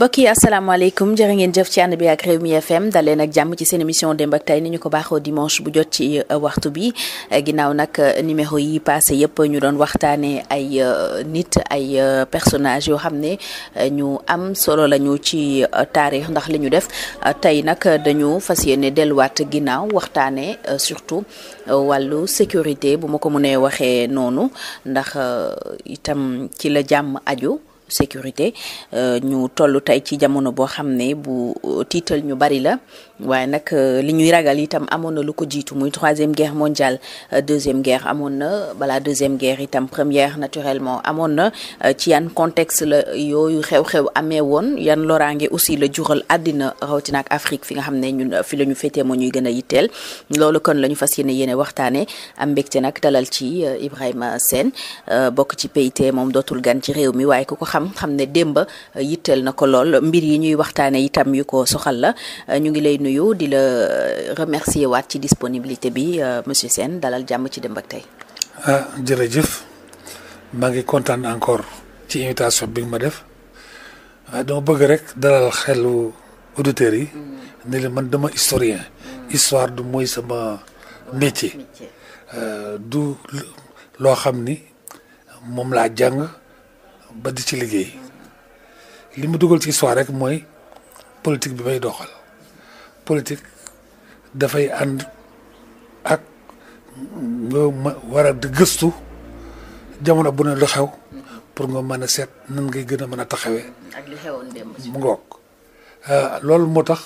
mbokk yi asalaamaaleykum jërë ngeen jëf ci ànd bi ak mi FM dale nag jàmm ci seen émission démb ak tay ni ñu ko baaxoo dimanche bu jot ci euh, waxtu bi euh, ginnaaw nag euh, numéro yi passé yëpp ñu doon waxtaanee ay nit ay personnage yoo xam ne ñu am solo lañu ci taarix ndax li ñu def tey nag dañu fas yéene delluwaat ginnaaw waxtaanee surtout wàllu sécurité bu ma ko mënee waxee noonu ndax itam ci la jàmm aju. sécurité euh, ñu toll tey ci jamono boo xam ne bu euh, tiital ñu bari la waaye nag euh, li ñuy ragal itam amoon na lu ko jiitu muy troisième guerre mondial euh, deuxième guerre amoon na balaa deuxième guerre itam première naturellement amoon na euh, ci yan contexte la yooyu xew-xew amee woon yan loraange aussi la jural àddina rawatina Afrique fi nga xam ne ñun fi la ñu féetee moo ñuy gën a yitteel loolu kon la ñu fas yéene yéene waxtaanee am mbégte nag dalal ci Ibrahima Sène bokk ci PIT moom dootul gan ci réew mi waaye ku ko xam xam ne démb yitteel na ko lool mbir yi ñuy waxtaanee itam yu soxal la nuyu di la remercier waat ci disponibilité bi euh, monsieur Sène dalal jàmm ci dem ak tey ah jërëjëf maa ngi kontaan encore ci invitation bi ma def waaye ah, dama bëgg rek dalal xelu auditeurs yi. Mm. ne leen man dama historien. Mm. histoire du mooy sama métier. Euh, du loo xam ni moom laa jàng ba di ci liggéey. li mu dugal ci histoire rek mooy politique bi may doxal politique dafay ànd ak nga war a gëstu jamono bu ne lu xew pour nga mën a seet nan ngay gën a mën a taxawee. ak li xewoon démb mu euh, loolu moo tax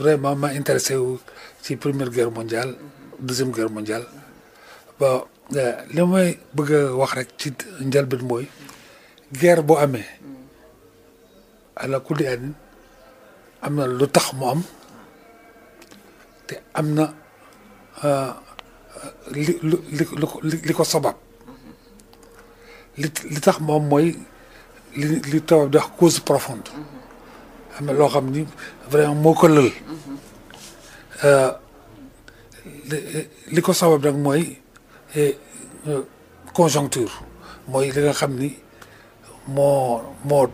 vraiment ma intéressé wu ci première guerre mondiale deuxième guerre mondiale ba euh, li may bëgg a wax rek ci njëlbeen mooy guerre boo amee ala kulli am na lu tax mu am. am na euh, li lu li li ko sabab li tax moom mooy li li tubaab di wax cause profonde am na loo xam ni vraiment moo ko lël euh, li ko sabab nag mooy euh, conjoncture mooy li nga xam ni moo moo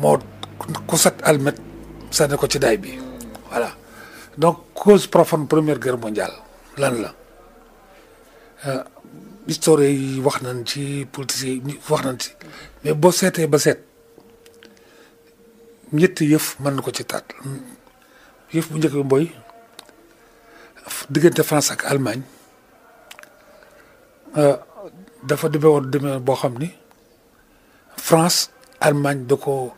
moo ku sat almet sànni ko ci daay bi voilà donc cause profonde première guerre mondiale lan la euh, historien yi wax nañ ci politiciens yi wax nañ ci mais boo seetee ba seet ñetti yëf mën na ko ci taat yëf bu njëkk bi mooy diggante France ak Allemagne euh, dafa demee woon boo xam ni France Allemagne da ko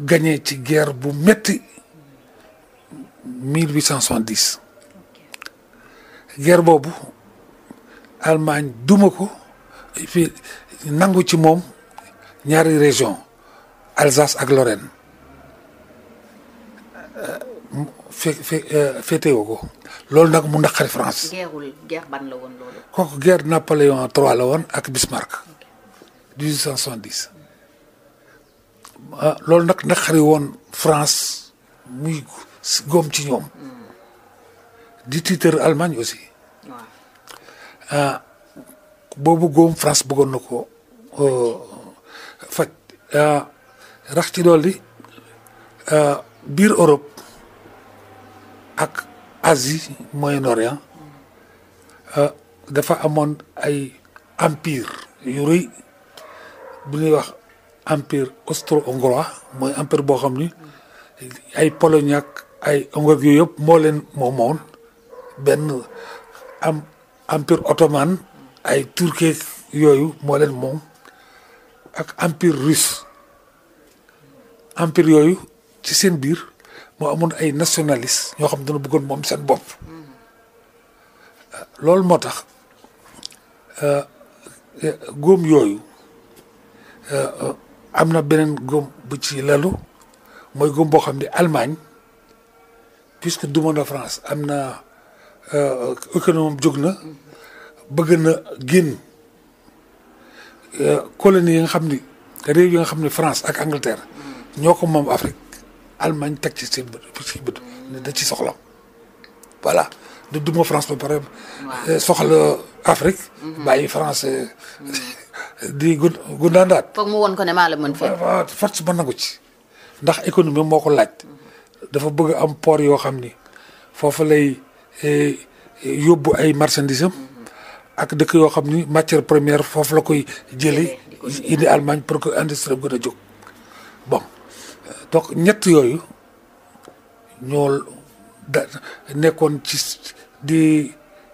gagné ci guerre bu metti 1870 guerre boobu Allemagne duma ko et nangu ci moom ñaari région Alsace ak Lorraine fe fe euh, féetewoo ko loolu nag mu naqari France. guerre guerre ban la woon loolu. kooku guerre Napoléon III la woon ak Bismarck 1870 ah, loolu nag naqari woon France muy. góom ci ñoom. di tiitër Allemagne aussi. Ah, boobu góom France bëggoon na ko euh, faj ah, rax ci dolli ah, biir Europe ak Asie Moyen-Orient dafa amoon ay empire yu bu ñuy wax empire austro-hongrois mooy empire boo xam ni ay Pologne ak ay xam yooyu moo leen moomoon benn am empire ottoman ay turquie yooyu moo leen moom ak empire russe empire yooyu ci seen biir moo amoon ay nationaliste ñoo xam ne dana bëggoon moom seen bopp euh, loolu moo tax euh, góom yooyu euh, am na beneen góom bu ci lalu mooy góom boo xam ne almaañ puisque Dumont France am na euh, économie jóg na bëgg na génn euh, colonie yi nga xam ni réew yi nga xam ni France ak Angleterre ñoo ko moom Afrique Allemagne teg ci seen bët soxla voilà du duma France ba pare. Euh, soxla Afrique. Mhm. bàyyi France mhm. di gu gundaandaat. foog mu woon ko ne maa la mën fekk. waaw force ba nangu ci ndax économie moo ko laaj. dafa bëgg am port yoo xam ni foofu lay eh, yóbbu ay marchandise ak dëkk yoo xam ni matière première foofu la koy jëlee indi Allemagne pour que industrie gën a jóg bon donc ñett yooyu ñoo da nekkoon ci di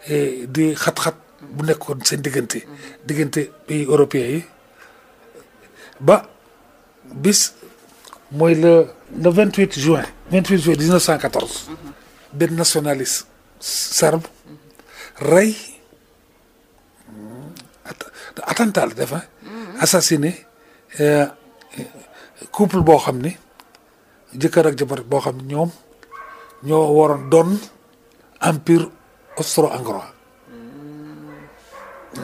eh, di xat-xat bu nekkoon seen diggante diggante pays européens yi ba bis mooy le le vingt huit juin. vingt huit juin dix neuf cent quatorze. benn nationaliste. serbe. rey attentat la def euh, couple boo xam ni jëkkër ak jabar boo xam ne ñoom ñoo waroon doon empire austro-hongrois.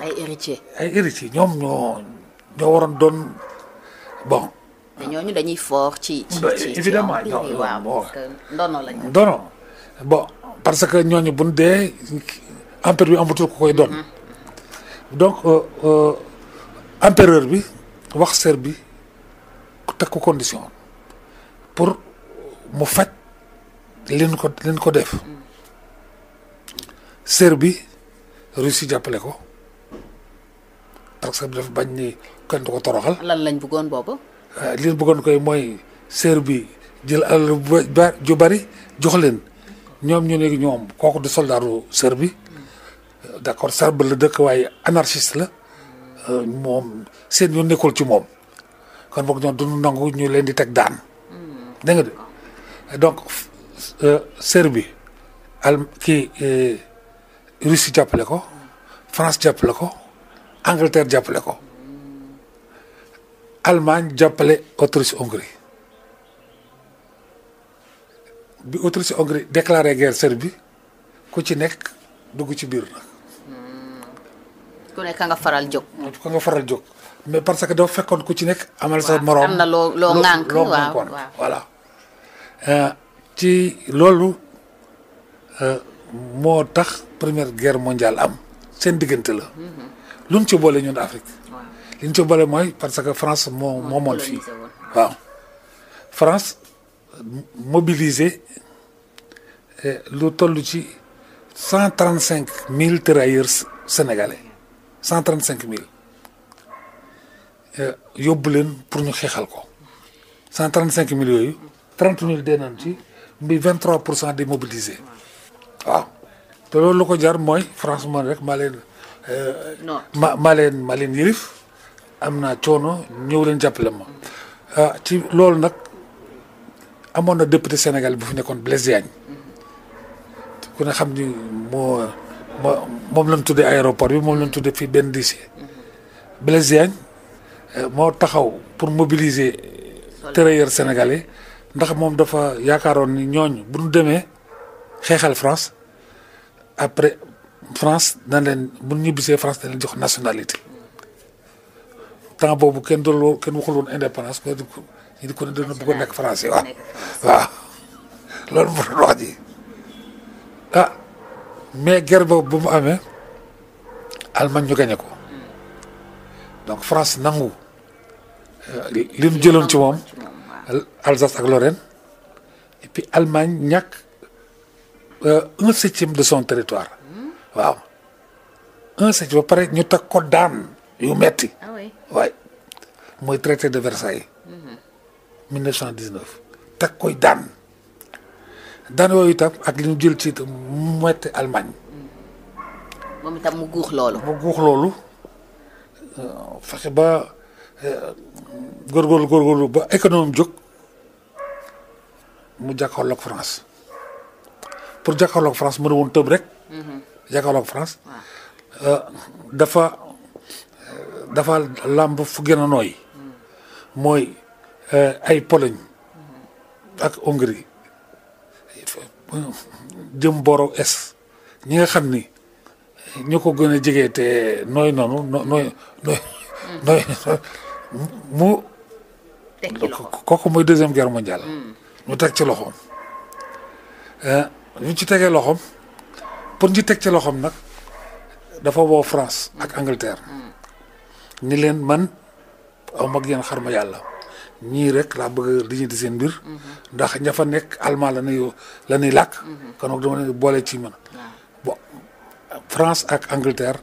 ay héritiers. ñoom ñoo waroon doon te ñooñu dañuy fort ci ci ci évidemment waaw ndono ndono bon parce que ñooñu buñ dee empire bi ko koy doon donc empereur bi wax ser bi teg ko condition pour mu faj leen ko leen ko def mm. ser bi Russie jàppale ko parce que dafa bañ ni kenn du ko toroxal. lan lañ buggoon boobu. waaw euh, li ñu bëggoon koy mooy sër bi jël alal ju bari jox leen ñoom ñu ne ñoom kooku du soldaaru sër bi euh, d'accord sër ba la dëkk waaye anarchiste la euh, moom seen yoon nekkul ci moom kon boog ñoom duñu nangu ñu leen di teg daan dégg nga de donc sër bi al kii Russie jàppale ko France jàppale ko Angleterre jàppale ko Allemagne joppale Autriche-Hongrie bi autrice hongrie déclaré guerre Serbie ku ci nekk dugg ci biir nag. ku nekk nga faral jóg. mais parce que dafa fekkoon ku ci nekk. amal sa moroom na loo loo ŋànk loo ŋànkoon voilà. Euh, ci loolu euh, moo tax première guerre mondiale am seen diggante la. Mm-hmm. luñ ci boole ñun Afrique. li boole mooy parce que France moo moo mool fii France mobilisé eh, lu toll ci cent trente cinq mille tirailleurs sénégalais cent trente cinq mille eh, yóbbu leen pour ñu xeexal ko cent trente cinq mille yooyu trente mille dee nañ ci mbi vingt trois pour cent démobilisé waaw te loolu lu ko jar mooy France moo rek maa leen eh, maa am naa coono ñëw leen jàppale ma ah, ci loolu nag amoon na député Sénégal bu fi nekkoon Blaise Diagne ku ne xam ni moo moom lañ tuddee aéroport bi moom lañ tuddee fii benn lycée Blaise eh, moo taxaw pour mobiliser travailleurs sénégalais ndax moom dafa yaakaaroon ni ñooñu bu ñu demee xeexal France après France na leen bu ñu ñibbisee France dana leen jox nationalité. temps boobu kenn doon loo indépendance ko ñu di ko ne doon bëgg nekk français waaw loolu moo doon ji ah mais guerre boobu bu mu amee Allemagne ñu gañe ko donc France nangu euh, li mu jëloon ci moom Alsace ak Lorraine et puis Allemagne ñàkk euh, un septième de son territoire waaw un septième ba pare ñu teg ko daan yu metti ah waay mooy traité de Versailles 1919 mm-hmm. teg koy daan daan yooyu tam ak li ñu jël ci mu metti Allemagne mm-hmm. moom itam mu guux loolu mu guux loolu euh, fexe ba euh, góorgóorlu góorgóorlu ba économie jóg mu jàkkaarloog France pour jàkkaarloog France mën tëb rek mm-hmm. jàkkaarloog France euh, dafa dafa làmb fu gën a nooy mooy eh, ay poloñ ak Hongrie jëm boro es ñi nga xam ni ñu ko gën a jege te nooy noonu no nooy nooy nooy mu kooku mooy deuxième guerre mondiale ñu teg ci loxoom eh, ñu ci tegee loxoom pour ñu teg ci loxoom nag dafa woo France ak Angleterre ni leen man aw mag yéen xarma yàlla ñii rek laa bëgg di di seen mbir. Mhm. ndax ña fa nekk allemand la ñuy la ñuy làkk. Mhm. kon dama leen boole ci man. bon France ak Angleterre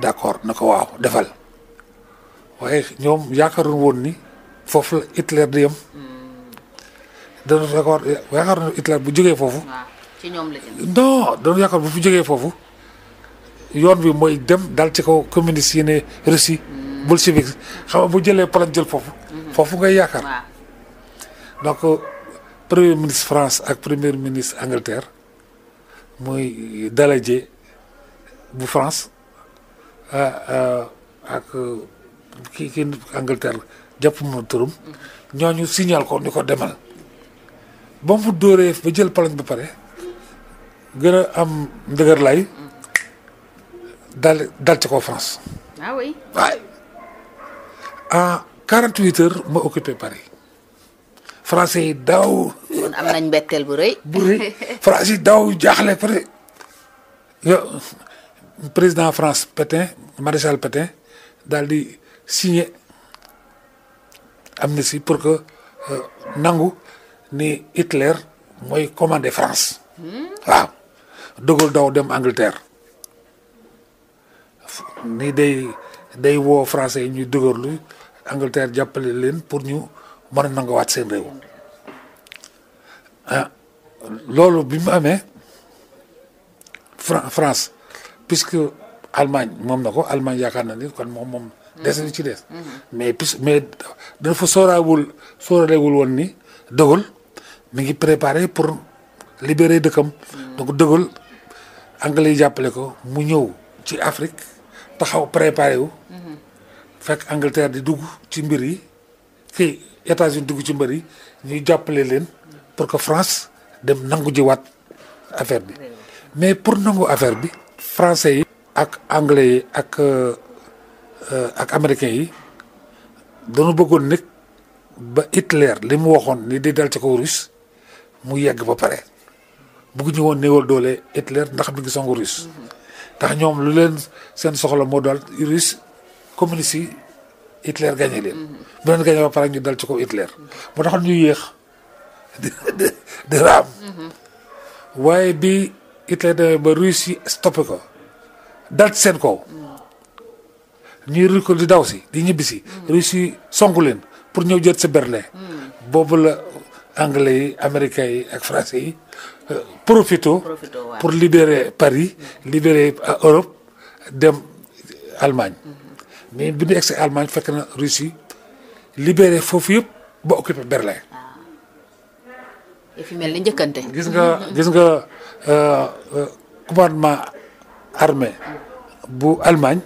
d' accord na ko waaw defal waaye ñoom yaakaaroon woon ni foofu la di yem. Mm. dana d'accord bu jógee foofu. ci ñoom la jëm. non foofu yoon bi mooy dem dal ci kaw communiste yi ne Russie. Mm. bolchevique xam nga bu jëlee Pologne jël foofu. Mhm. foofu ngay yaakaar. donc premier ministre France ak premier ministre Angleterre muy Daladier bu France ah, ah, ak kii kii Angleterre jàpp ma ñoo ñu signal ko ni ko demal. ba mu dóoree ba jël Pologne ba pare gën a am ndëgër lay. Mhm. dal dal ci ko France. Ah à 48 heures ma occupé Paris français yi daaw. jaaxle pare président France Pétain maréchal Pétain daal di signé amnistie pour que euh, nangu ni Hitler mooy commandé France. Hmm. waaw De daw dem Angleterre ni day day woo français yi ñuy dëgërlu. Angleterre jàppale leen pour ñu mën a nangawaat seen réew ah, loolu bi mu amee Fra France puisque Allemagne moom na ko Allemagne yaakaar na ni kon moom moom. des na ci des. Mm-hmm. Mm-hmm. mais puis mais dafa sóoraawul sóoraalewul woon ni De Gaulle mi ngi préparé pour libérer dëkkam. Mm-hmm. donc De Gaulle jàppale ko mu ñëw ci Afrique taxaw préparé wu. fekk Angleterre di dugg ci mbir yi kii États-Unis dugg ci mbir yi ñuy jàppale leen pour que France dem nangu jiwaat affaire bi mais pour nangu affaire bi français yi. ak anglais yi ak euh, ak américains yi dañu bëggoon nag ba Hitler li mu waxoon ni di dal ci kaw russe mu yegg ba pare bëgguñu woon néewal doole Hitler ndax mi ngi songu russe ndax ñoom lu leen seen soxla moo daal russe communiste yi Hitler gagné leen. bu leen gagné ba pare ñu dal ci kaw Hitler. moo taxoon ñu yéex di raam. waaye bi Hitler demee ba Russie stoppé ko dal ci seen kaw. ñuy rikol di daw si di ñibbi si. Russie songu leen pour ñëw jot si Berlin. boobu la anglais yi américains yi ak français yi euh, profito pour libérer Paris libérer euh, Europe dem Allemagne. mais bi ñu egsi fekk na Russie libéré foofu yëpp ba occupé Berlin. Ah. fi gis nga gis nga euh, euh, commandement armé bu Allemagne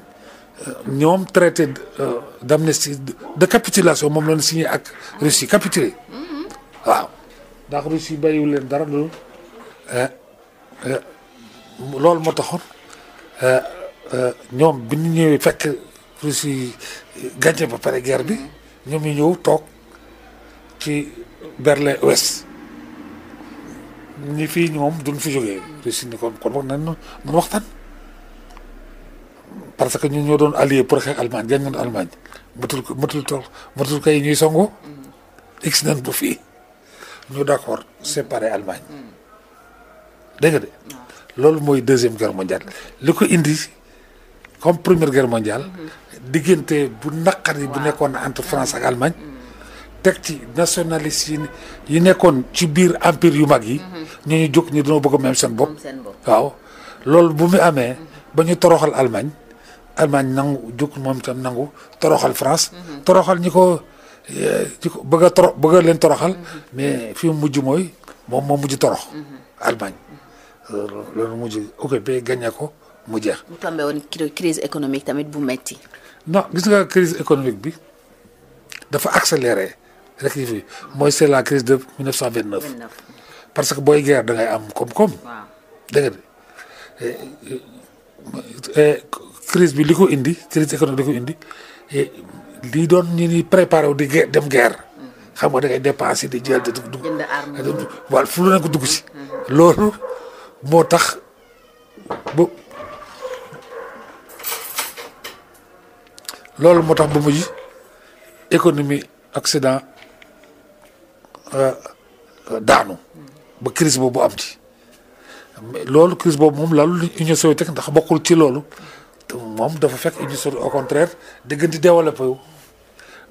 euh, ñoom traité d'amnistie de capitulation moom la si signé ak Russie capitulé mm-hmm. waaw Russie bàyyiwul leen dara loolu loolu moo taxoon ñoom bi ñu fekk. Russie yi ba pare guerre bi ñoom ñu ñëw toog ci Berlin Ouest ñi fii ñoom dun fi jógee Russie ni kon kon wax nañ nañ waxtaan parce que ñun ñoo doon allié pour xeex Allemagne gagné nañ Allemagne matul matul tool matul kay ñuy songu x bu fii ñu d'accord séparé Allemagne dégg nga de mm. loolu mooy deuxième guerre mondiale li ko indi comme première guerre mondiale mm-hmm. diggante bu naqari bu nekkoon entre France ak mm-hmm. Allemagne teg ci nationaliste yi nekkoon ci biir empire yu mag yi mm-hmm. ñu ñu jóg ñu dañoo bëgg même seen bopp waaw loolu bu mu amee mm-hmm. ba ñu toroxal Allemagne Allemagne nangu jóg moom itam nangu toroxal France toroxal ñi ko eh, ñi ko bëgg a leen toroxal mais fi mu mooy moom moo mujj torox Allemagne loolu mujj occupé gagné ko mu jeex mu tombé woon économique tamit bu metti non gis nga crise économique bi dafa accéléré rek yi fi mooy c'est la crise de 1929 parce que booy guerre da ngay am koom-koom. dégg crise bi li ko indi crise économique li ko doon ñu ni préparé wu di dem guerre. Mm-hmm. xam nga da ngay dépensé di jël di dugg. jënd arme wala fu ko dugg si mm-hmm. loolu moo tax ba. loolu moo tax ba mujj économie Occident euh, euh, daanu ba crise boobu am ci loolu crise boobu moom lalu Union soviétique ndax bokkul ci loolu moom dafa fekk Union soviétique au contraire diggante développé wu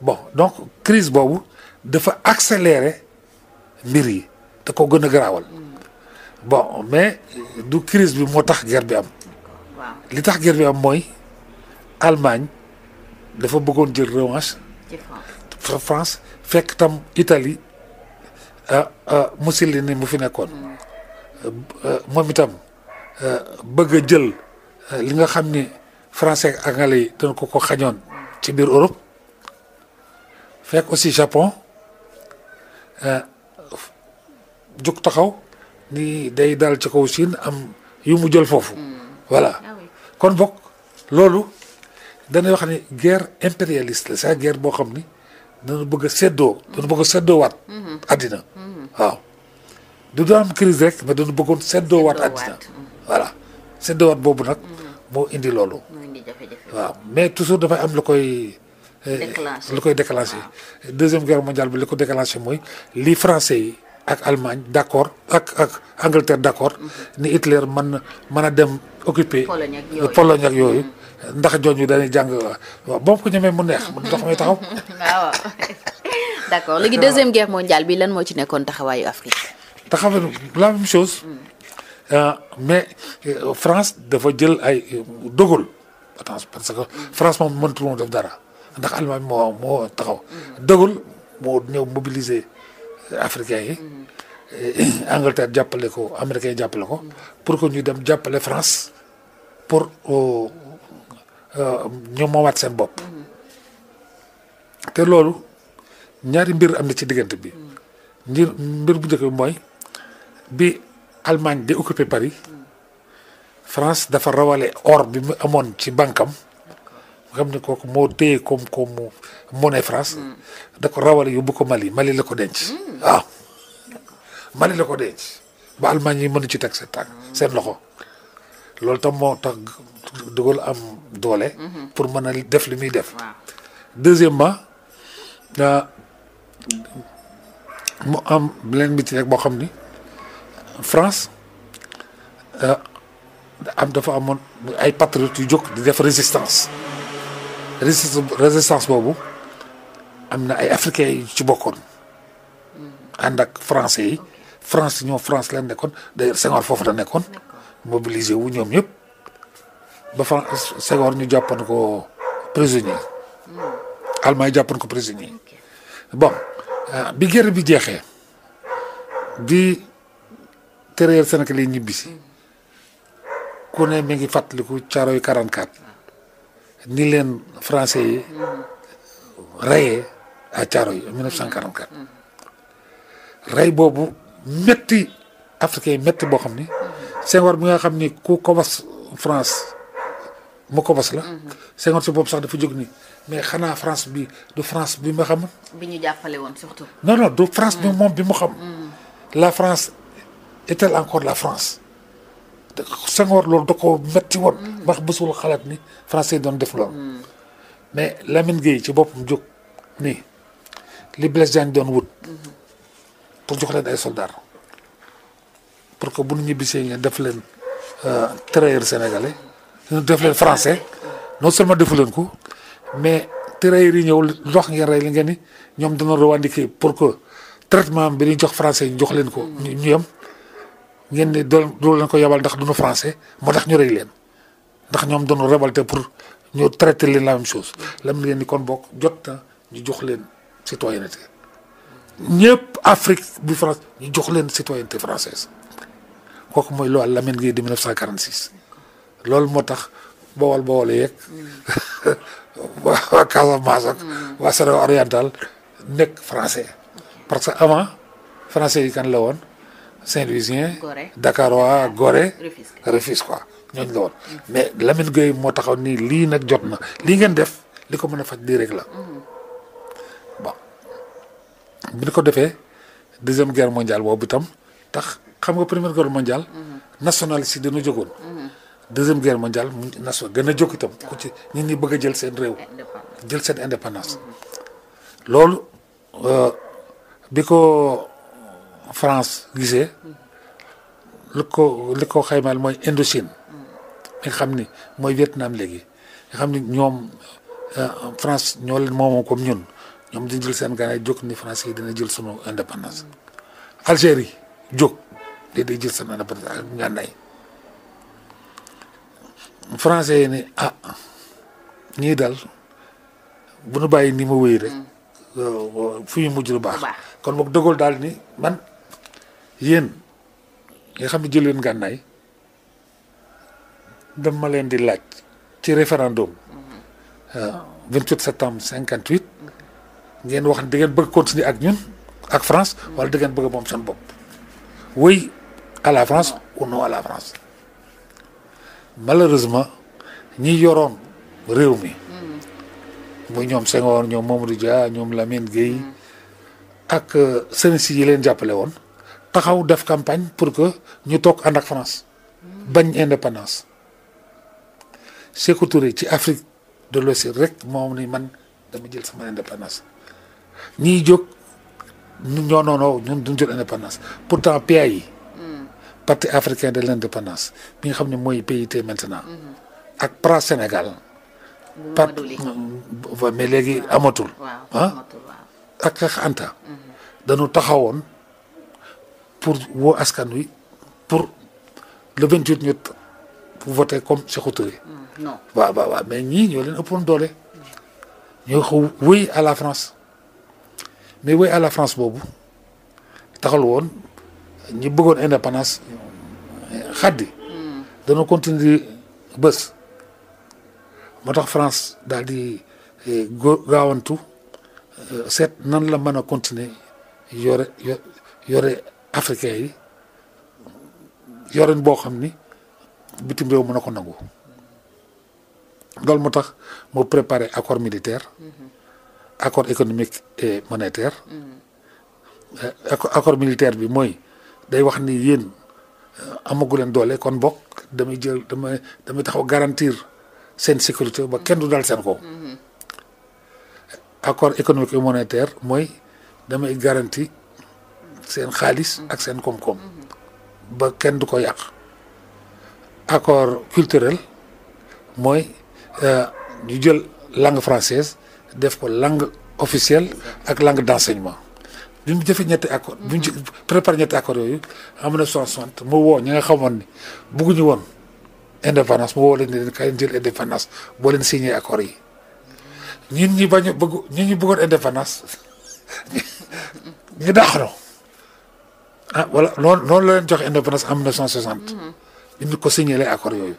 bon donc crise boobu dafa accélérer mbir yi te ko gën a garaawal bon mais du crise bi moo tax guerre bi am li tax guerre bi am mooy Allemagne dafa bëggoon jël revanche. ci France fekk tam Italie ah, ah, ni mu fi nekkoon. Mm. Euh, euh, moom itam euh, bëgg a jël li nga xam ni français ak anglais yi dañ ko ko xañoon ci biir Europe fekk aussi Japon jug taxaw ni day daal ci kaw Chine am yu mu jël foofu. Mm. voilà ah kon bokk loolu. dana wax ne guerre impérialiste la c'est guerre boo xam ni dana bëgg seddoo dana bëgg waaw du doon crise rek mais dana bëggoon seddoowaat àddina voilà seddoowaat boobu nag moo indi loolu waaw mais toujours dafay am lu koy eh, lu koy déclenché deuxième guerre mondiale bi li ko déclenché mooy li français yi ak Allemagne d' ak ak Angleterre d' mhm. ni Hitler mën a dem occuper Pologne ak yooyu mhm. ndax jooju dañuy jàng waaw boo ko ñemee mu neex mu dox may taxaw. waaw d'accord léegi deuxième guerre mondiale bi lan moo ci nekkoon taxawaayu Afrique. taxawaayu la même chose. Hmm. Euh, mais euh, France dafa jël ay euh, dogal attention parce que hmm. France moom mëntu woon def dara ndax Allemagne moo taxaw. Hmm. dogal moo ñëw mobiliser africains yi. Angleterre jàppale ko américains jàppale ko. pour que ñu dem jàppale France pour. Euh, ñu moomaat seen bopp te loolu ñaari mbir am na ci diggante bi mbir mbir bu njëkk bi mooy bi Allemagne di occupé Paris France dafa rawale or bi mu amoon ci bankam nga xam ne kooku moo téye comme comme monnaie France da ko rawale yóbbu ko Mali Mali la ko denc waaw Mali la ko denc ba Allemagne yi mënu ci teg seen tànk seen loxo loolu tam moo tax dugal am doole. Mhm. pour mën a def li muy def. deuxièmement mu am beneen métier rek boo xam ni France euh, am dafa amoon ay patriotes yu jóg di def résistance résistance boobu am na ay africains yu ci bokkoon mhm. ànd ak français yi France ñoom France la nekkoon d'ailleurs Senghor foofu la nekkoon mobilisé wu ñoom ñëpp. ba fa Senghor ñu jàppoon ko prisonnier hmm. allemand yi jàppoon ko prisonnier bon euh, bi guerre bi jeexee bi tëréer Sénégal yi ñibbisi ku ne mi ngi fàttaliku caro yu ni leen français yi hmm. rayee à caro yi 1944 hmm. rey boobu métti africain yi métti boo xam ni Senghor bi nga xam ni ku ko France Makobass la. Senghor si boobu sax dafa jóg nii mais xanaa France bi du France bi ma xam. bi ñu jàppale woon surtout. non non du France bi mm. moom bi mu xam. Mm. la France est encore la France. Senghor loolu da ko metti woon. Mm. ndax bësul xalaat ni français doon def loolu. mais Lamine Gueye ci boppam jóg nii li Blaise Diagne doon wut. Mm-hmm. pour jox leen ay soldats pour que bu ñu ñibbisee nga def leen. Euh, trahir sénégalais. def leen français non seulement defu leen ko mais tirailleurs yi ñëw ndox ngeen rey li ngeen ni ñoom dana revendiquer pour que traitement bi ñu jox francais ñu jox leen ko. ñu yem ngeen ne doo leen ko yabal ndax duñu français moo tax ñu rey leen ndax ñoom doon révolté pour ñu traité leen la même chose. lam leen ni kon bokk jot na ñu jox leen citoyenneté ñëpp Afrique bu France ñu jox leen citoyenneté française kooku mooy loi Lamine Guèye de 1946. loolu moo tax bawol bawol yeeg mm. waa Casamance ak mm. waa Sénégal oriental nekk français parce que avant français yi kan la woon Saint-Louisien Dakarois Gorée Rufisque quoi ñooñ la woon mm. mais Lamine Gueye moo taxaw nii lii nag jot na lii ngeen def li ko mën a faj lii rek la mm-hmm. bon bi ñu ko defee deuxième guerre mondiale boobu itam tax xam nga première guerre mondiale mm-hmm. nationaliste si dañu jógoon mm-hmm. deuxième guerre mondiale nasoon gën a jóg itam ku ci nit ñi bëgg a jël seen réew jël seen indépendance loolu euh, bi ko France gisee li ko li ko xaymaal mooy Indochine mi xam ni mooy Vietnam léegi nga xam ni ñoom euh, France ñoo leen moomoo comme ñun ñoom dañ jël seen gànnaay jóg ni France yi dina jël sunu indépendance Algérie jóg day di jël seen indépendance ak gànnaay français yi ne ah ñii daal bu nu bàyyi ni ma wéy rek fu ñu mujj baax kon moom dëggool daal ni man yéen nga xam ne jëleen gànnaay ma leen di laaj ci référendum mm-hmm. ah, vingt huit septembre cinquante huit ngeen wax ne da ngeen bëgg continuer ak ñun ak France wala da ngeen bëgg moom seen bopp oui à la France ou non à la France malheureusement ñi yoroon réew mi muy ñoom Senghor ñoom Mamadou Dia ñoom Lamine Guèye ak sëriñ yi leen jàppale woon taxaw def campagne pour que ñu toog ànd ak France bañ indépendance Sékou Touré ci Afrique de l'Ouest rek moom ni man dama jël sama indépendance ñiy jóg ñun ñoo noonoo ñun duñ jël indépendance pourtant PA yi parti africain de l'indépendance bi nga xam ne mooy PIT maintenant. ak PRA Sénégal. parti mais léegi amatul. ah ak xeex Anta. Mhm. dañu taxawoon pour woo askan wi pour le 28 ñu voté comme Sékou Touré. Mhm, non waaw waaw mais ñii ñoo leen ëppoon doole. ñoo ko wéy à la France mais wéy à la France boobu taxal woon. ñi bëggoon indépendance xaddi dana continuer di moo tax France daal di eh, gaawantu eh, seet nan la mën a continuer yore yore africain yi yoren boo xam ni bitim réew mën a ko nangu loolu moo tax mu prépare accord militaire accord économique et monétaire mm-hmm. eh, accord militaire bi mooy day wax ni yéen euh, amagu leen doole kon bokk damay jël damay damay taxaw garantir seen sécurité ba kenn du dal seen kaw. accord économique et monétaire mooy damay garanti seen xaalis ak seen koom-koom ba kenn du ko yàq accord culturel mooy euh, ñu jël langue française def ko langue officielle ak langue d'enseignement bi mu jëfee ñetti accord bi mu ci préparé ñetti accord yooyu en 1960 mu woo ñi nga xamoon ni bugguñu woon indépendance mu woo leen ne boo leen signé accords yi ñun ñi bañ bëgg ñun ñi bëggoon indépendance ñu dàqaloo ah voilà noonu noonu la leen joxe indépendance en 1960. bi ko signé les accords yooyu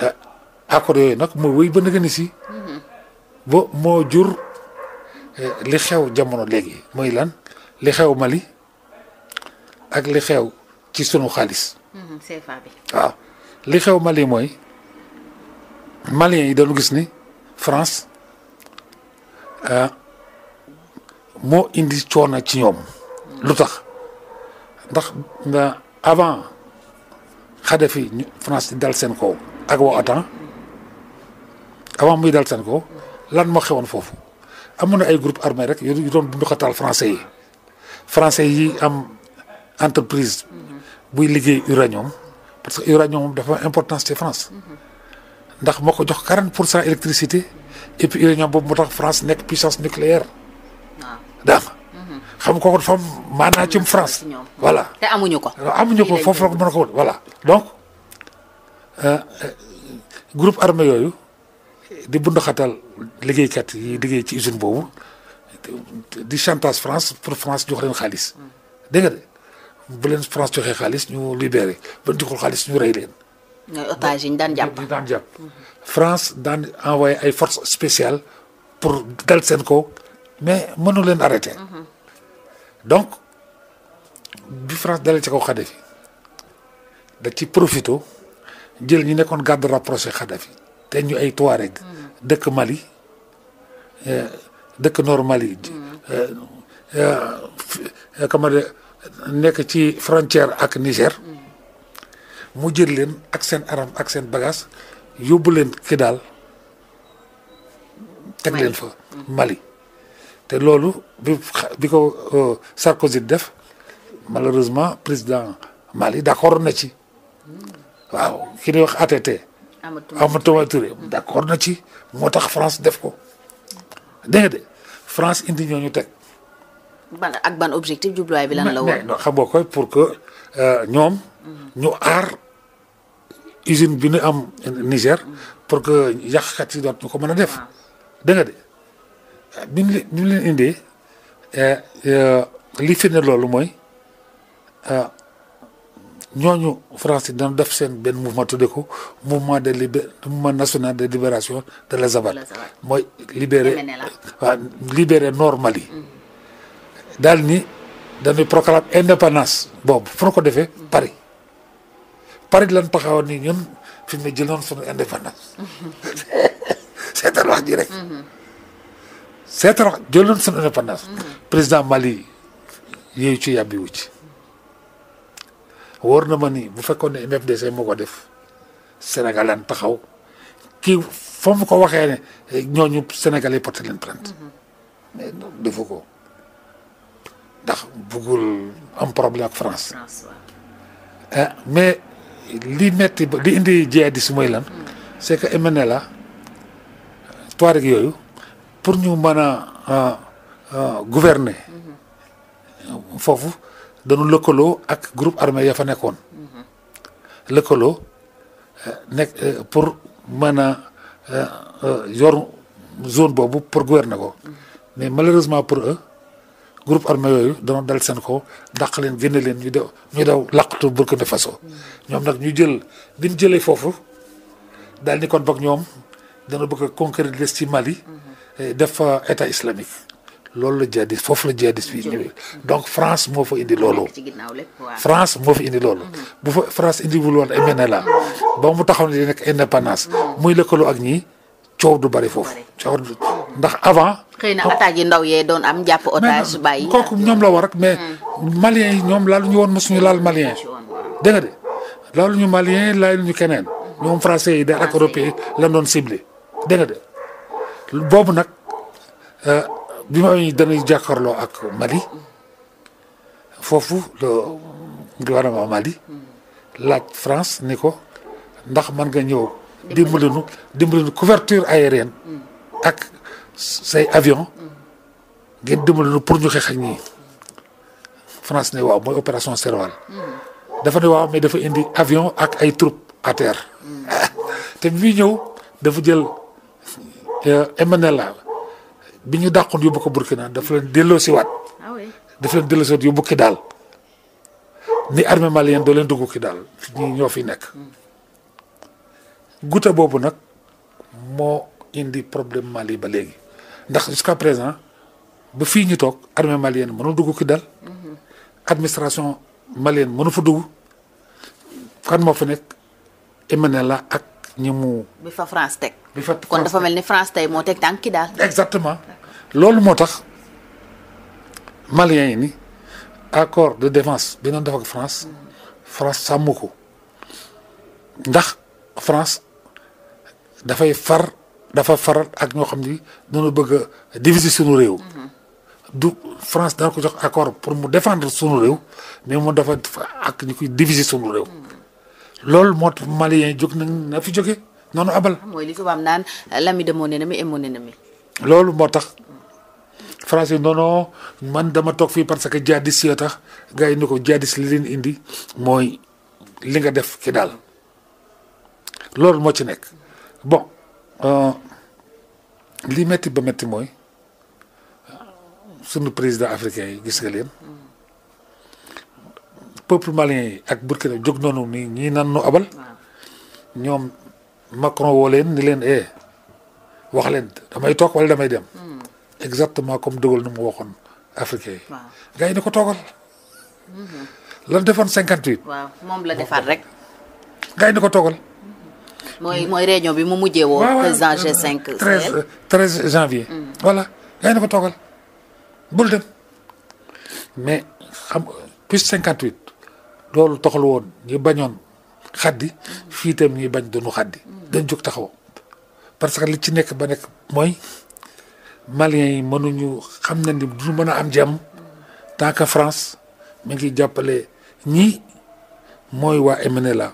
ah accords yooyu nag mooy wéy ba nga si. Mm-hmm. ba moo jur. Eh, li xew jamono léegi muy lan li xew Mali ak li xew ci sunu xaalis. Mm-hmm, CFA waaw li xew Mali mooy Maliens yi dañu gis ni France euh, moo indi coono ci ñoom. Mm-hmm. lu tax ndax avant fi France di dal seen ko ak waa OTAN avant muy dal seen ko lan moo xewoon foofu. amoon na ay groupe armé rek yu doon bundu xataal français yi français yi am entreprise buy liggéey uranium parce que uranium dafa importance ci France ndax moo ko jox 40 pour cent électricité et puis uranium boobu moo tax France nekk puissance nucléaire ah. daa mhm. xam ko dafa am maanaa ci France voilà. amuñu ko. amuñu ko foofu la ko voilà donc euh, euh, groupe armé yooyu di bundu liggéey liggéeykat yi liggéey ci usine boobu di chantage France pour France jox leen xaalis dégg de bu leen France joxee xaalis ñu libéré ba ñu joxul xaalis ñu rey leen. ñooy otage yi ñu daan jàpp France daan envoyé ay force spéciales pour dal seen ko mais mënu leen arrêté. donc bi France dalee ci kaw Kadhafi da ci profito jël ñu nekkoon garde rapproché Kadhafi te ñu ay Touareg. dëkk Mali eh, dëkk nord Mali kama eh, eh, nekk ci frontière ak Niger mu jël leen ak seen aram ak seen bagage yóbbu leen ki daal teg leen fa Mali te loolu bi ko euh, Sarkozy def malheureusement président Mali d'accord na ci waaw ki ñuy wax ATT Amadou Touré d' accord na ci moo tax France def ko dégg nga de France indi ñooñu teg. ban ak ban objectif jubluwaay bi lan la woon. non xam nga koy pour que euh, ñoom. ñu aar usine bi ñu am Niger. pour que yàqkat yi doot ñu ko mën a def. Ah. dégg nga de bi leen bi ñu leen indee euh, euh, loolu mooy. ñooñu France yi dana def seen benn mouvement tudde ko de libé mouvement national de libération de la Zabat mooy libéré waaw Mali daal ni dañuy proclame indépendance boobu fu nu ko defee Paris Paris lan taxawoon ni ñun fi mu sunu indépendance seetal wax ji rek seetal wax sunu indépendance mm-hmm. président Mali yooyu ci yàbbi wu ci wóor na ma ni bu fekkoon ne MFDC moo ko def Sénégal daan taxaw kii foo ko waxee ne ñooñu sénégalais porté leen plainte mhm. defu ko ndax buggul am problème ak France mais li metti ba li indi jihadis mooy lan mhm. c'est que ne MNLA Touareg yooyu pour ñu mën a euh, euh, gouverner mhm. foofu dañu lëkkaloo ak groupe armé ya fa nekkoon lëkkaloo eh, nekk eh, pour mën a eh, yor zone boobu pour gouverner ko mais malheureusement pour eux groupe armé yooyu dañoo dal seen ko dàq leen génne leen ñu daw ñu daw làqatu Burkina Faso ñoom nag ñu jël bi ñu jëlee foofu daal ni kon boog ñoom dana bëgg a conquérir des ci Mali def fa état islamique loolu la jihadis foofu la jihadis bi ñëwee donc France moo fa indi loolu France moo fa indi loolu bu fa France indi wul woon ay Menela ba mu taxaw ne di nekk indépendance lëkkaloo ak ñi coow du bari foofu coow ndax avant xëy na attaques yi ndaw yee doon am jàpp otage bàyyi kooku ñoom la war rek mais hmm. malien yi ñoom laal ñu woon suñu laal malien dégg nga de laalu ñu malien laal ñu keneen ñoom français yi daal ak européen yi la doon ciblé dégg de boobu nag euh, bi ma ñu dañuy jàkkaarloo ak Mali foofu le gouvernement Mali laaj France ni ko ndax man nga ñëw dimbali nu dimbali nu couverture aérienne mm. ak say avion mm. ngeen dimbali nu pour ñu xeex ak ñii France ne waaw mooy opération Serval mm. dafa ne waaw mais dafa indi avion ak ay troupes à terre te bi ñëw dafa jël euh, MNLA bi ñu dàqoon yóbbu ko Burkina dafa leen delloosiwaat. Ah dafa leen waat yóbbu ki daal ni armée malienne doo leen dugg ki daal ñi ñoo fi nekk. goutte boobu nag moo indi problème Mali ba léegi ndax jusqu'à présent ba fii ñu toog armée malienne mënul dugg ki daal. Mm-hmm. administration malienne mënu fa dugg. kan moo fa nekk Emanela ak ñi mu. bi fa kon dafa mel ni France tey moo teg tànk ki daal. exactement loolu moo tax malien yi ni accord de défense bi noonu def France France sàmm ko ndax France dafay far dafa faral ak ñoo xam ni dañoo bëgg a diviser suñu mhm. France dan ko jox accord pour mu défendre suñu réew mais mu dafa ak ñu koy diviser suñu réew. Mhm. loolu moo tax maliens yi jóg nañ na fi jóge noonu abal. mooy li tubaab naan euh, l'ami de mon loolu moo tax français non non man dama toog fii parce que jihadiste yoo tax gars yi ni ko jihadiste li leen indi mooy li nga def ki daal loolu moo ci nekk bon euh, li metti ba metti mooy sunu président africain yi gis nga leen peuple malien yi ak burkina jóg noonu nii ñii naan nu abal ñoom. Macron woo leen ni leen eh wax leen damay toog wala damay dem. Hmm. exactement comme dogal nu mu waxoon africain yi. waaw yi ni ko toogal. Hmm. lan defoon 58. waaw moom la defaat rek. gars yi ni ko toogal. mooy mooy bi mu mujjee woo. président G5 Sahel 13 janvier. Hmm. voilà ko toogal bul dem mais xam plus 58 loolu taxul woon ñu bañoon. xaddi fii itam ñuy bañ duñu xaddi dañ jóg taxaw parce que li ci nekk ba nekk mooy maliens yi mënuñu xam na ni du mën a am jàmm tant que France mi ngi jàppale ñii mooy waa MNLA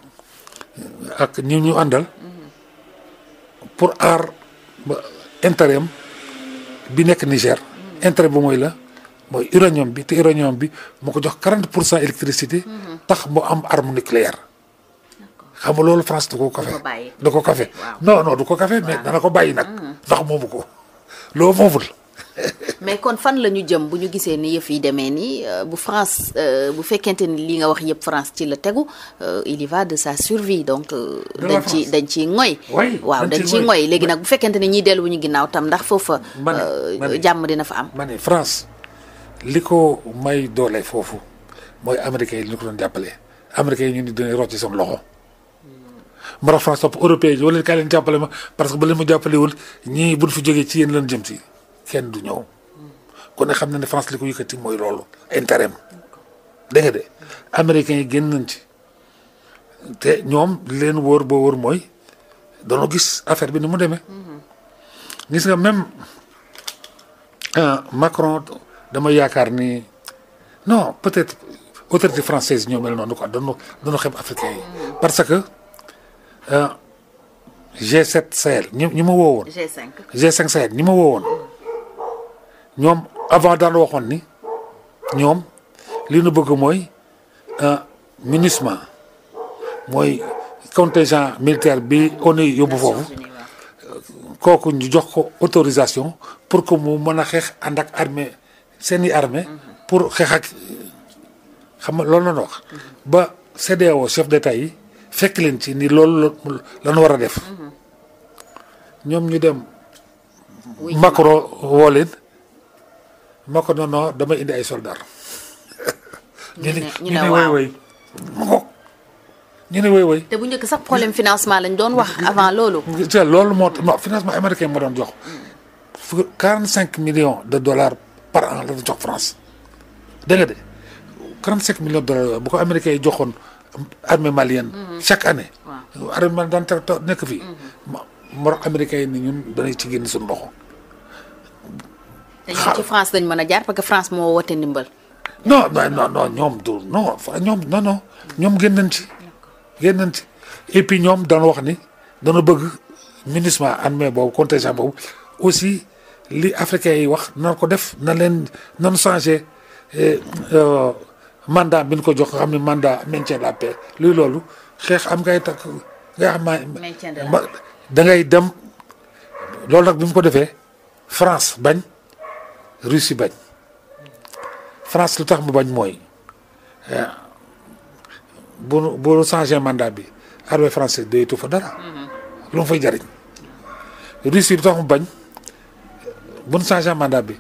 ak ñi ñu àndal pour aar ba intérêt am bi nekk Niger intérêt bi mooy la mooy uranium bi te uranium bi mu ko jox 40 pour cent électricité mhm. tax mu am arme nucléaire xam loolu France du ko kafe du ko kafe non non du ko kafe mais dana ko bàyyi nag mm. ndax moomu ko loo moomul mais kon fan la ñu jëm bu ñu gisee ni yëf yi demee nii euh, bu France euh, bu fekkente ni li nga wax yëpp France ci la tegu euh, il y va de sa survie donc dañ ci dañ ciy ngoy waaw dañ ciy ngoy léegi nag bu fekkente ne ñiy dellu ñu ginnaaw tam ndax foofa jàmm dina fa am ma France li ko may doole foofu mooy américains yi li ñu ko doon jàppale américains yi ñu ni dañuy root ci seen loxo ma wax France topp européen yi wala leen kaay leen jàppale ma parce que ba leen ma jàppale wul ñii buñ fi jógee ci yéen leen jëm ci kenn du ñëw kon nag xam na ne France li ko ti mooy loolu intérêt am dégg de américains yi génn nañ ci te ñoom leen woor boo wóor mooy dañoo gis affaire bi ni mu demee gis nga même ah, Macron dama yaakaar ni non peut-être autorité française ñoo mel noonu quoi dañoo dañoo xeeb africain yi Euh, G7 ñi ma woowoon. G5 G5 Sahel ñi ma woowoon ñoom avant daan waxoon ni ñoom li nu bëgg mooy euh, MINUSMA mooy contingent militaire bi ONU yóbbu foofu kooku ñu jox ko autorisation pour ko mu mën a xeex ànd ak armée seeni armée mhm. pour xeex ak xam nga loolu la ñu wax mhm. ba CEDEAO chef d'état fekk leen ci ni loolu la ñu war a def ñoom ñu dem Macron woo leen Macron dama indi ay soldats ñu ne ñu ne way way ñu ne way way te bu njëkk sax problème financement lañ doon wax avant loolu loolu moo non financement américain moo doon jox fu quarante cinq millions de dollars par an la jox France dégg de quarante cinq millions de dollars bu ko américain yi joxoon armée malienne. Mhm. chaque année. waaw armée malienne daan teel nekk fii. mor mhm. américain yi ni ñun danañ ci génn suñu loxo. xa ci dañ mën a jaar que France moo woote ndimbal. non non non ñoom du non ñoom non non ñoom génn ci. génn ci et ñoom daan wax ni dana bëgg MINUSMA armée boobu contingent boobu aussi li africain yi wax nan ko def na leen nan changé. Eh, euh, mandat bin ko jox nga xam ne mandat maintien de la paix luy loolu xeex am ngay takk nga xam ma da ngay dem loolu nag bi mu ko defee France bañ Russie bañ France lu tax mu bañ mooy euh, bu bu changé mandat bi armée française day tu fa dara. Mm-hmm. lu mu fay jariñ Russie lu tax mu bañ bu changé mandat bi.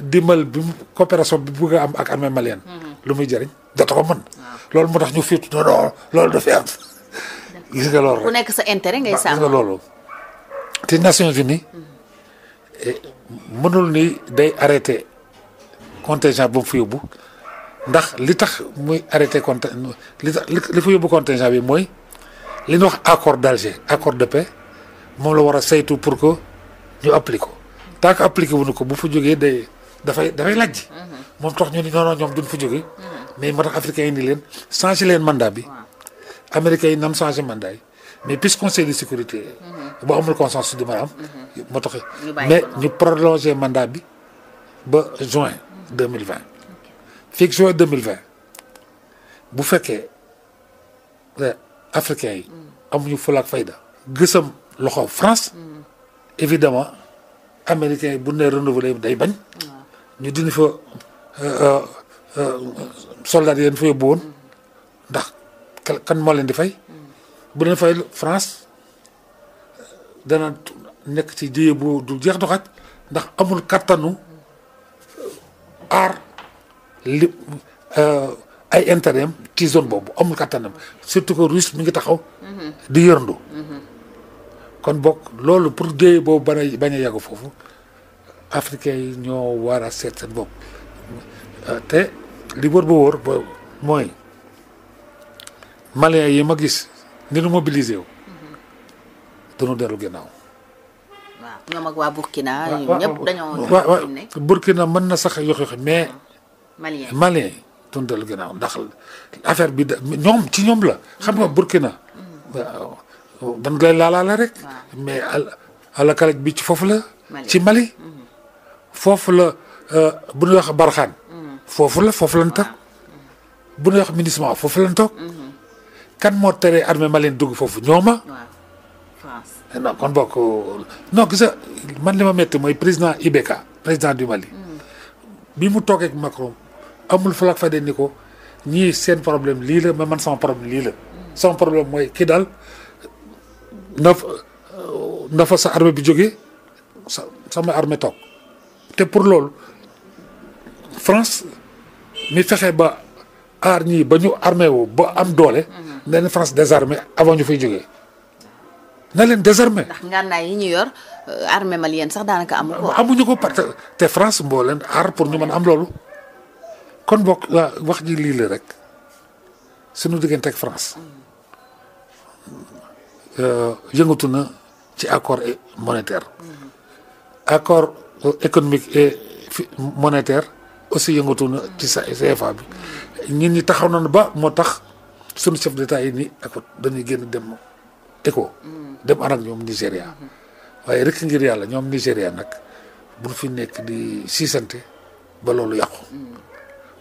dimbal bi coopération bi bëgg am ak armée malienne. Mm-hmm. lu muy jëriñ dootu ko mën. Ah. loolu moo tax ñu fiitu non non loolu du fi am. gis nga loolu rek ku nekk sa intérêt ngay sàmm gis nga loolu. te Nations Unies. Mm-hmm. Eh, mënul ni day arrêté contingent ba mu fi yóbbu ndax li tax muy arrêté conti li tax yóbbu contingent bi mooy li ñuy wax accord d'Alger accord de paix moom la war a saytu pour que ñu applique ko. tant que wu wuñu ko bu fa jógee day dafay dafay lajj. Mhm. moom tax ñu ni non non ñoom duñ fa jógee. Mhm. mais moo tax africains yi ni leen changé leen mandat bi. américains yi nam changé mandat yi mais puisque conseil de sécurité. Mhm. boo amul consensus du ma am. moo tax mais ñu prolongé mandat bi ba juin deux mille vingt. fii juin deux mille bu fekkee africains yi. amuñu fulaak fayda. gësam loxo France. évidemment américain yi bu ne renouvelé day bañ. ñu dindi fa euh, euh, euh, soldats yéen fa yóbbu woon ndax kan moo leen di fay. Mm. bu leen fay France dana nekk ci jéye bu du jeex doxat ndax amul kattanu aar li ay intérêt ci zone boobu amul kattanam surtout ko russe mu ngi taxaw. Mm-hmm. di yërndu. kon bokk loolu pour dee boobu ban bañ a yàgg foofu africain yi ñoo war a seet seen bopp euh, te li wër ba wóor mooy malien yi ma gis ni nu mobilisé wu dunu dellu gannaaw waaw ñoom ak waa Burkina ñoom ñëpp mën na sax yox yox mais malien mm-hmm. malien yi dunu dellu ginnaaw ndax affaire bi da ñoom ci ñoom la xam nga mm-hmm. Burkina mm-hmm. waaw dañ lay laalaale rek. mais alakaleeg bi ci foofu la. ci Mali. Mhm. foofu la euh, bu ñuy wax barxaan. Mhm. foofu la foofu lañ toog. bu ñuy wax ministement foofu lañ toog. Mhm. kan moo teree armée malienne dugg foofu ñooma. Eh non kon bokk non man li ma métti mooy président IBK président du Mali. bi mu toogee ak Macron amul flag fa de ni ko ñii seen problème lii la mais man sama problème lii la. sama problème mooy kii daal. na fa sa armée bi jógee sa sama armée toog te pour loolu France mi fexe ba aar ñii ba ñu armé wu ba am doole. Mhm. ne leen France désarmé avant ñu fay jógee na leen désarmé. ndax ngànnaay yi ñu yor euh, armée malienne sax daanaka amu ko. amuñu ko parce que te France moo leen pour ñu mën am loolu kon bokk waa wax ji lii la rek sunu diggante ak France. Mhm. Euh, yëngatu na ci accord monetaire mhm. accord économique et monétaire aussi yëngatu na ci sa CFA bi ñun mhm. ñi taxaw nañu ba moo tax suñu chef d'état yi nii ak dañuy génn dem ECO mhm. dem ànd ak ñoom Nigéria waaye rek ngir yàlla ñoom Nigéria nag bu fi nekk di siisante ba loolu yàqu.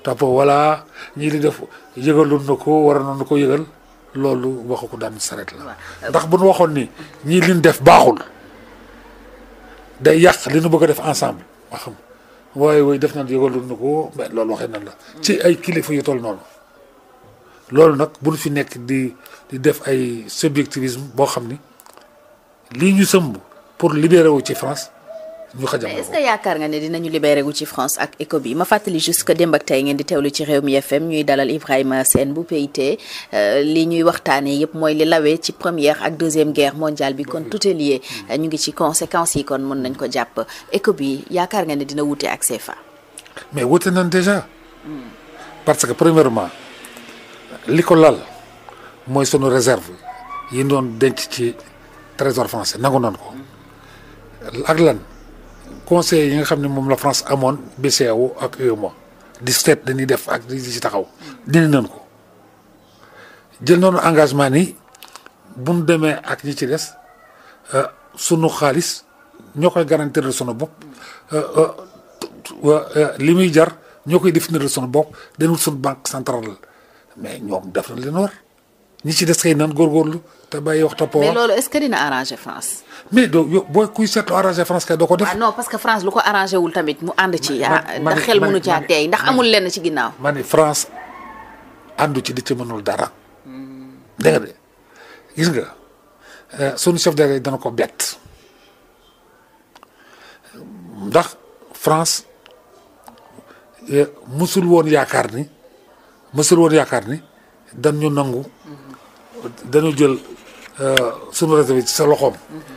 topp voilà ñii di def yëgaloon na ko waroon na ko yëgal loolu waxu ko daan saret la ndax bu nu waxoon ni ñii li ñu def baaxul day yàq li nu bëgg def ensemble ma xam waaye waaye def nañ yëgal nu ko mais loolu waxee nan la ci ay kilifa yu toll noonu loolu nag bu nu fi nekk di di def ay subjectivisme boo xam ni li ñu sëmb pour libérer wu ci France ñu xajam mais est-ce que yaakaar nga ne dinañu libéré gu ci France ak éco bi ma fàttali juste que démb ak tey ngeen di teewlu ci réew mi FM ñuy dalal Ibrahima Sène bu PIT euh, li ñuy waxtaanee yëpp mooy li lawee ci première ak deuxième guerre mondiale bi kon tout est euh, ñu ngi ci conséquence yi kon mën nañ ko jàpp éco yi yaakaar nga ne dina wute ak fa mais wute nañ déjà. parce que premièrement li ko lal mooy sunu réserve yi doon denc ci trésor français nangu conseil yi nga xam ne moom la France amoon BCEAO ak UEMOA di seet dañuy def ak di ci taxaw dindi nañ ko jël noonu engagement ni bu ñu demee ak ñi ci des euh, sunu xaalis ñoo koy garantir sunu bopp euh, euh, li muy jar ñoo koy définir sunu bopp dañu sunu banque centrale mais ñoom def na leen war ñi ci des xëy nan góorgóorlu te bàyyi wax toppoo. mais loolu est-ce dina arranger France. mais doo yow boo kuy seetlu arrangé France kay doo ko def. waaw parce que France lu ko arrangé wul tamit mu ànd ci. yaa ah, ndax xel mënu caa tey ndax amul lenn ci ginnaaw. ma ne France àndu ci di ci mënul dara. dégg de gis nga euh, sunu chef de dana ko bett ndax France euh, mësul woon yaakaar ni mësul woon yaakaar ni dañu nangu dañu jël euh, sunu réseau ci sa loxoom.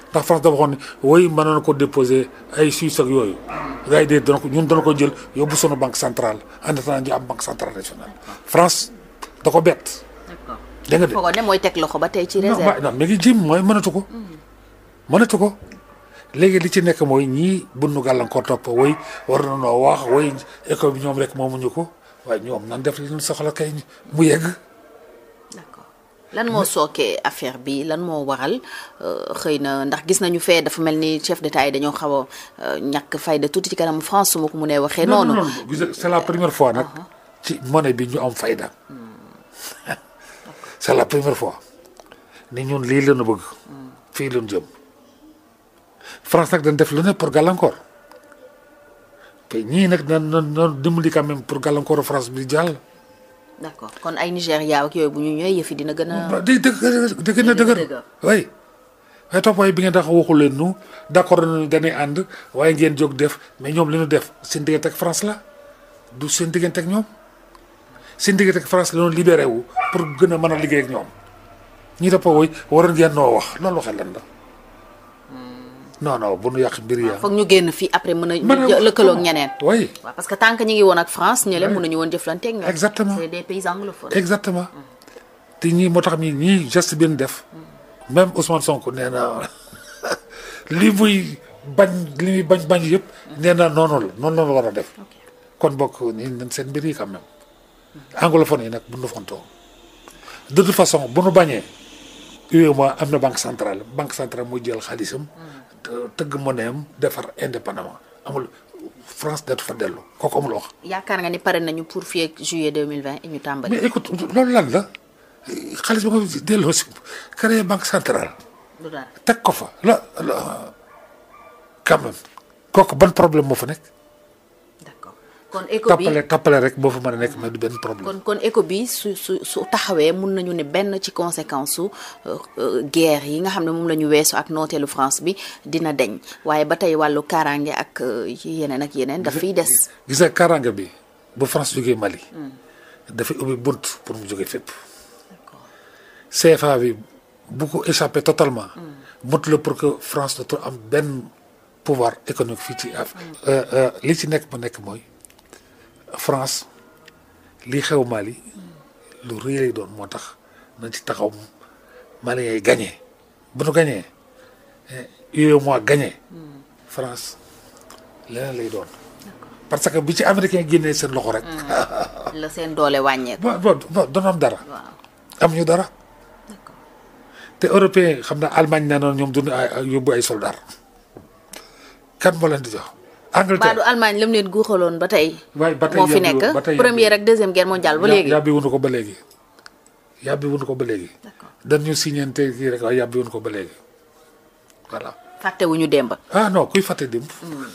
ndax France dafa waxoon woy mën na ko déposer ay Suisse ak yooyu gars yi de dana ko ñun dana ko jël yóbbu sunu banque centrale en attendant ñu am banque centrale nationale France da ko bett. nga de foogoon ne mooy teg loxo ba tey ci réserve. non non mi mooy mënatu ko. Hmm. mënatu ko léegi li ci nekk mooy ñii bunnu gàllankoor topp woy war na noo wax woy école bi ñoom rek ñu ko waaye ñoom nan def li ñu soxla kay mu yegg. lan moo sookee affaire bi lan moo waral euh, xëy na ndax gis nañu fee dafa mel ni chef d'état yi dañoo xaw a euh, ñàkk fayda tuuti ci kanam France su ma ko mënee waxee. noonu non non c'est la première fois uh-huh. bi ñu am fayda. Hmm. c'est la première fois ni ñun lii la ñu bëgg. Hmm. fii la ñu jëm. France nag dañ def lu pour gàllankoor te ñii nag dañ doon dimbali quand même pour gàllankooru France bi jàll. d' accord kon ay Nigéria ak yooyu bu ñu ñëwee yëf yi dina gën a. di dë di gën a dëgër oui. waaye topp bi ngeen tax waxul leen nu d' accord nañu dañuy ànd waaye ngeen jóg def mais ñoom li ñu def seen diggante ak France la du seen diggante ak ñoom seen diggante ak France la ñu wu pour gën a mën a liggéey ak ñoom ñi topp wooy waroon ngeen noo wax loolu waxee lan la. non non bu nu yàq mbir yi ah, foog ñu génn fii après mën a lëkkaloo ak ñeneen oui waaw parce que tant que ñu ngi woon ak France ñële mënuñu woon jëflante ak ñoom exactement c'est des mm. moo tax mii ñii geste bi ñu def mm. même Ousmane Sonko nee na li muy bañ bañ bañ yëpp mm. nee na noonu la noonu la war a def kon bokk nii seen mbir yi quand anglophone yi nag bu nu fontoo de toute façon bu nu bañee UEMOA am na banque centrale banque centrale mooy jël xaalisam tëgg mëneem defar indépendamment amul France dootu fa dellu kooku amul wax. yaakaar nga ni pare nañu pour fii ak juillet deux mille vingt ñu tàmbali. mais écoute loolu lan la xaalis bi nga delloo si a banque centrale. teg ko fa la la quand kooku ban problème moo fa nekk. kon éco bi tappale tappale rek boo fa mën a nekk mais du benn problème. kon kon éco bi su su su taxawee mun nañu ne benn ci conséquence su euh, euh, guerre yi nga xam ne moom la ñu weesu ak nooteelu France bi dina deñ waaye ba tey wàllu kaaraange ak euh, yeneen ak yeneen. daf fiy des gis nga bi bu France jógee Mali. Hmm. dafay ubbi bunt pour mu jógee fépp. CFA bi bu ko échappé totalement. mënut hmm. la pour que France dootul am benn pouvoir économique fii ci. Hmm. li ci nekk mu nekk mooy. France lii xew Mali lu rëy lay doon moo tax nañ ci taxaw Mali yay gagné bu nu gagné yooyu eh, moo gagné hmm. France leneen lay doon. parce que bi ci américain génnee seen loxo rek. Hmm. la seen doole wàññeeku. bon bon doon dara. am ñu dara. te européen xam naa Allemagne na na ñoom du ñu yóbbu ay soldats kan moo leen di jox. Angleterre Badou Allemagne lam leen guuxaloon ba tey. waay ba tey moo fi nekk première ak deuxième guerre mondiale ba léegi. yàbbi wuñu ko ba léegi yàbbi ko ba léegi. d'accord dañu signante kii rek waaye yàbbi wuñu ko ba léegi voilà. fàttewuñu démb. ah non kuy fàtte démb. Hmm.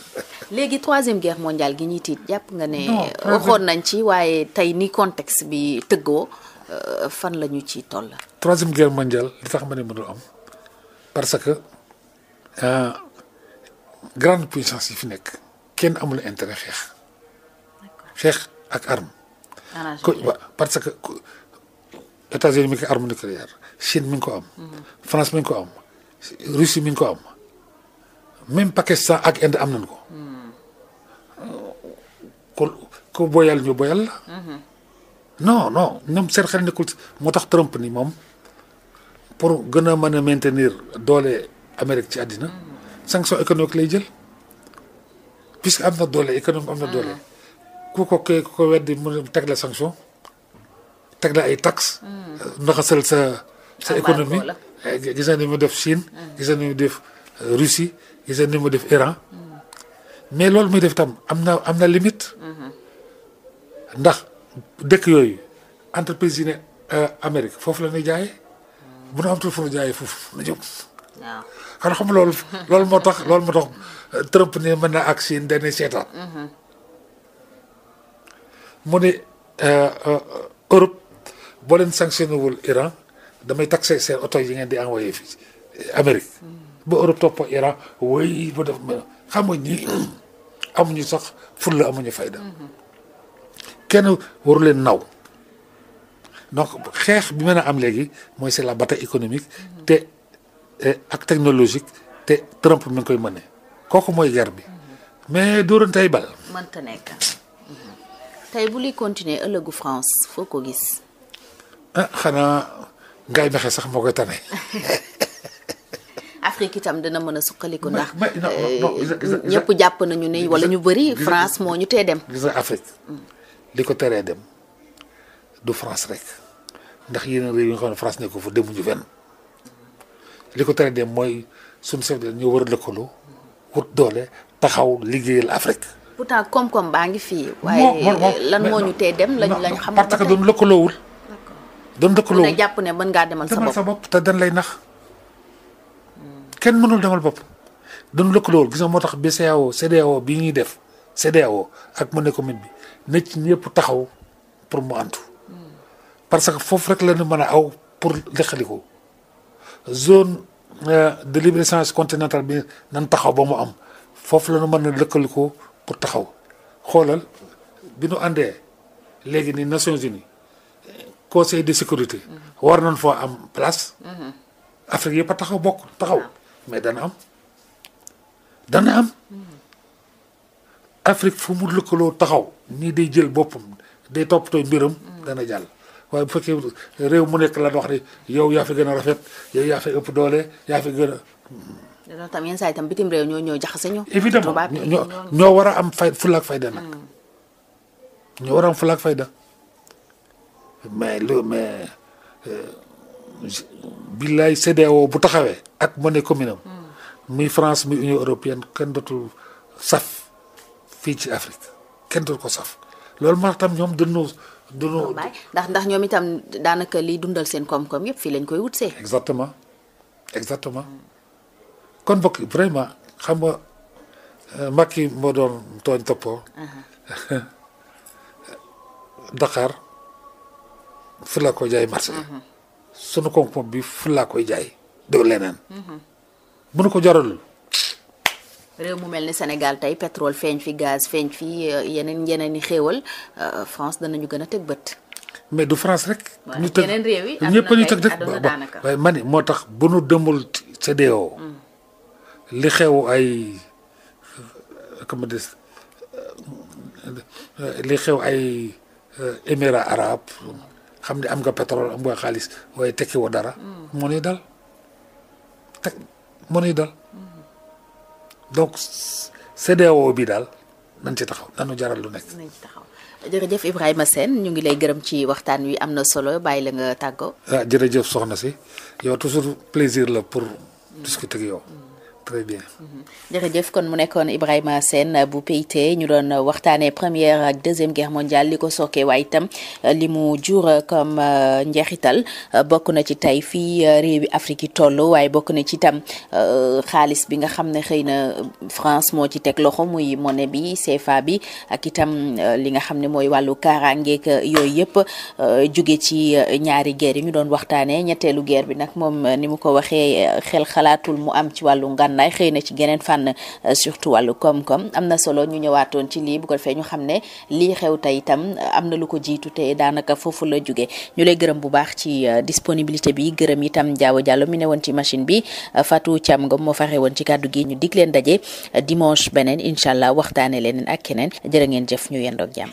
léegi troisième guerre mondiale gi ñuy tiit jàpp nga ne. Euh, waxoon nañ ci waaye tey ni contexte bi tëggoo euh, fan la ñu ciy toll. troisième guerre mondiale li tax ma ne mënul am parce que euh, grande puissance yi fi nekk. kenn amul intérêt xeex. xeex ak arme. parce que États-Unis mi ngi ko arme Chine mi ngi ko am. Mhm. France mi ko am. Russie mi ko am même Pakistan ak Inde am nañ ko. ko mhm. ko boyal ñu boyal la. Mhm. non non ñoom seen xel nekkul moo tax Trump ni moom pour gën a mën a maintenir doole Amérique ci àddina. sanction économique lay jël. puisque am na doole économie am na doole. Mm. ku ko ko weddi mu teg la sanction teg la ay taxes. Mm. naxasal sa sa économie. Eh, gis nañ ni mu def Chine. Mm. gis nañ def euh, Russie gis nañ def Iran. mais loolu muy def tam am na am na limite. Mm-hmm. ndax dëkk yooyu entreprise yi ne euh, Amérique foofu la ñuy jaayee. bu nu amatul fu nu jaayee foofu na jëm. waaw xam xam loolu loolu moo tax loolu moo tax Trump mën na ak Chine dañuy seetaan mu ne euh, euh, Europe boo leen sanctionné wul Iran damay taxé seen oto yi ngeen di envoyé fii Amérique mm-hmm. ba Europe topp Iran woy ba def xam nga ñi amuñu sax fulla amuñu fayda mm-hmm. kenn waru leen naw donc xeex bi mën a am léegi mooy c'est la bataille économique mm-hmm. te E, ak technologique te Trump mi ngi koy mëne kooku mooy guerre bi mais dóorantey bal mënta nekk mhm. tey bu luy continuer ëllëgu France foo ko gis ah xanaa ngaay mexe sax moo koy tane Afrique itam dana mën a suqaliku ndax ñëpp jàpp nañu ne wala ñu bëri France moo ñu tee dem gis nga Afrique mm. li ko teree dem du France rek ndax yeneen réew yi nga xam ne France nekku fa demuñu fenn li ko tere dem mooy suñu chef de war a lëkkaloo wut doole taxaw liggéeyal Afrique. pourtant koom-koom baa ngi fii. waaye lan moo ñu tee dem lañ lañ xam parce doon lëkkaloowul. doon lëkkaloowul jàpp ne mën ngaa demal sa bopp sa bopp te dañ lay nax hmm. kenn mënul demal bopp. doon lëkkaloowul gis moo tax BCEAO CEDEAO bii ñuy def CEDEAO ak monnaie commune bi na ci ñëpp taxaw pour mu antu. Hmm. parce que foofu rek la ñu mën a aw pour ko zone euh, de libre échange continental bi nan taxaw ba mu am foofu la ñu mën a lëkkalikoo pour taxaw xoolal bi nu àndee léegi nii Nations Unies conseil de sécurité. Mhm. war nañ foo am place. Mhm. Afrique yëpp a taxaw bokk taxaw ah. mais dana am dana am. Mhm. Afrique fu mu lëkkaloo taxaw nii day jël boppam day toppatoo mbiram dana jàll. waaye bu fekkee réew mu nekk lan wax ni yow yaa fi gën a rafet yow yaa fi ëpp doole yaa fi gën a. Mm. tam saa yi tam bitim réew ñoo ñoo jaxase ñoo ñoo war a am fay fulaak fayda nag. Mm. ñoo war a am fulaak fayda mais lu mais euh, billaay CEDEAO bu taxawee ak monnaie commune am. Mm. muy France muy Union européenne kenn dootul saf fii ci Afrique kenn dootul ko saf loolu moo tax tam ñoom dañoo. du ndax ndax ñoom itam daanaka li dundal seen koom-koom yëpp fi lañ koy wutsee. exactement exactement kon bokk vraiment xam nga euh, Macky moo doon tooñ toppoo. Uh-huh. Dakar fi koy jaay marché. Uh-huh. sunu koom-koom bi fi koy jaay. doo leneen. Uh-huh. mënu ko jaralul. réew mu mel ni Sénégal tey pétrole feeñ fi gaz feeñ fi euh, yeneen yeneen i xéewal euh, France danañu gën a teg bët. mais du France rek. ñu tëg ñëpp ñu tëg rek waaye ma ni moo tax bu nu demul CEDEAO mm. li xew ay euh, comment dire xew ay émirats arabes xam ne am nga pétrole am nga xaalis waaye tekki woo dara. Mm. moo ñuy dal teg moo ñuy dal. donc CEDEAO bi daal nan ci taxaw nañu jaral lu nekk. nañ ci taxaw jërëjëf Ibrahima Sène ñu ngi lay gërëm ci waxtaan wi am na solo bàyyi la nga tàggoo. Ah, jërëjëf soxna si yow toujours plaisir la pour discuter ak yow. très bien. jërëjëf kon mu nekkoon Ibrahima Sène bu PIT ñu doon waxtaanee première ak deuxième guerre mondial li ko sookee waaye itam li mu jur comme euh, njeexital bokk na ci tey fii euh, réewi Afrique yi toll waaye bokk na ci itam euh, xaalis bi nga xam ne xëy na France moo ci teg loxo muy monnaie bi CFA bi ak itam li nga xam ne mooy wàllu kaaraangeeg yooyu yëpp jóge ci ñaari guerre yi ñu doon waxtaanee ñetteelu guerre bi nag moom ni mu ko waxee xel xalaatul mu am ci wàllu ngan. gànnaay xëy na ci geneen fànn euh, surtout wàllu koom-koom am na solo ñu ñëwaatoon ci lii bu ko defee ñu xam ne lii xew tey itam euh, am na lu ko jiitu te daanaka foofu la jóge ñu lay gërëm bu baax ci euh, disponibilité bi gërëm itam jaawo jàllo mu ne woon ci machine bi Fatou Thiam Ngom moo faxe woon ci kàddu gi ñu dig leen daje dimanche beneen incha allah waxtaane leneen ak keneen jërë ngeen jëf ñu yendoog jàmm